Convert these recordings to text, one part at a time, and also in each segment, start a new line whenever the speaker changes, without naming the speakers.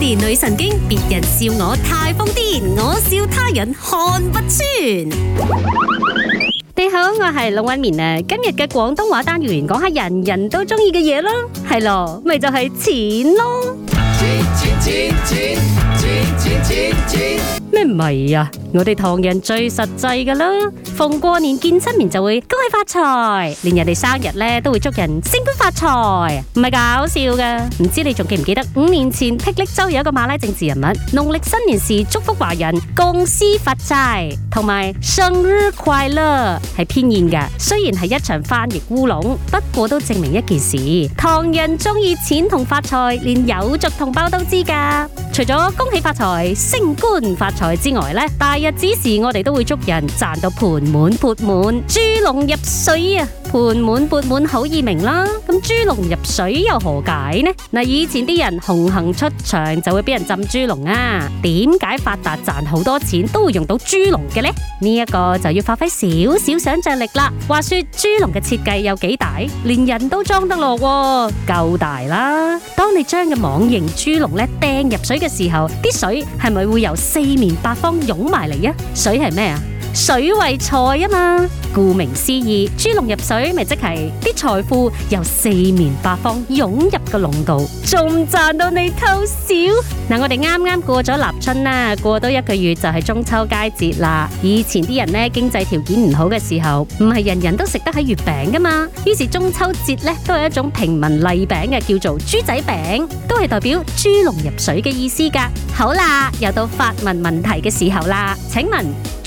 連女神經，別人笑我太瘋癲，我笑他人看不穿。你好，我係龍紋敏啊，今日嘅廣東話單元講下人人都中意嘅嘢咯，係咯，咪就係錢咯。錢，錢，錢，錢。咪呀、啊！我哋唐人最實際噶啦，逢過年見親面，就會恭喜發財，連人哋生日咧都會祝人升官發財，唔係搞笑噶。唔知你仲記唔記得五年前霹靂州有一個馬拉政治人物，農曆新年時祝福華人公司發債同埋生日快樂，係偏見噶。雖然係一場翻譯烏龍，不過都證明一件事：唐人中意錢同發財，連有族同胞都知噶。除咗恭喜發財、升官發財之外呢，大日子時我哋都會祝人賺到盆滿缽滿、豬籠入水啊！盆滿缽滿好易明啦，咁豬籠入水又何解呢？嗱，以前啲人紅杏出牆就會俾人浸豬籠啊，點解發達賺好多錢都會用到豬籠嘅呢？呢、呢、一個就要發揮少少想像力啦。話說豬籠嘅設計有幾大，連人都裝得落，啊，夠大啦。當你將個網形豬籠咧掟入水嘅時候，啲水係咪會由四面八方湧埋嚟啊？水係咩啊？水為財啊嘛，顧名思義，豬籠入水咪即係啲財富由四面八方湧入個籠度，仲賺到你偷笑嗱。我哋啱啱過咗立春啦，過多一個月就係中秋佳節啦。以前啲人呢，經濟條件唔好嘅時候，唔係人人都食得起月餅噶嘛，於是中秋節呢都有一種平民禮餅嘅叫做豬仔餅，都係代表豬籠入水嘅意思噶。好啦，又到發問問題嘅時候啦，請問？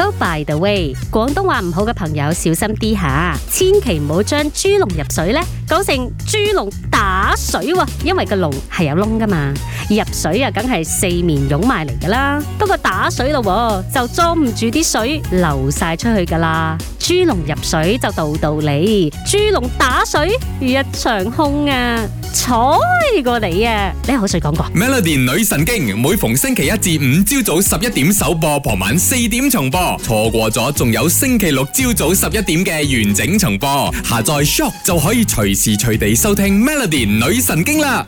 都、oh, by the way，廣東話唔好嘅朋友小心啲嚇，千祈唔好將豬籠入水呢講成豬籠打水喎，因為個籠係有窿噶嘛，入水啊梗係四面湧埋嚟噶啦，不過打水咯，就裝唔住啲水，流晒出去噶啦，豬籠入水就道道理，豬籠打水如一場空啊！賽過你啊！你好想講個 Melody 女神經，每逢星期一至五朝早十一點首播，傍晚四點重播。錯過咗，仲有星期六朝早十一點嘅完整重播。下載 Shop 就可以隨時隨地收聽 Melody 女神經啦。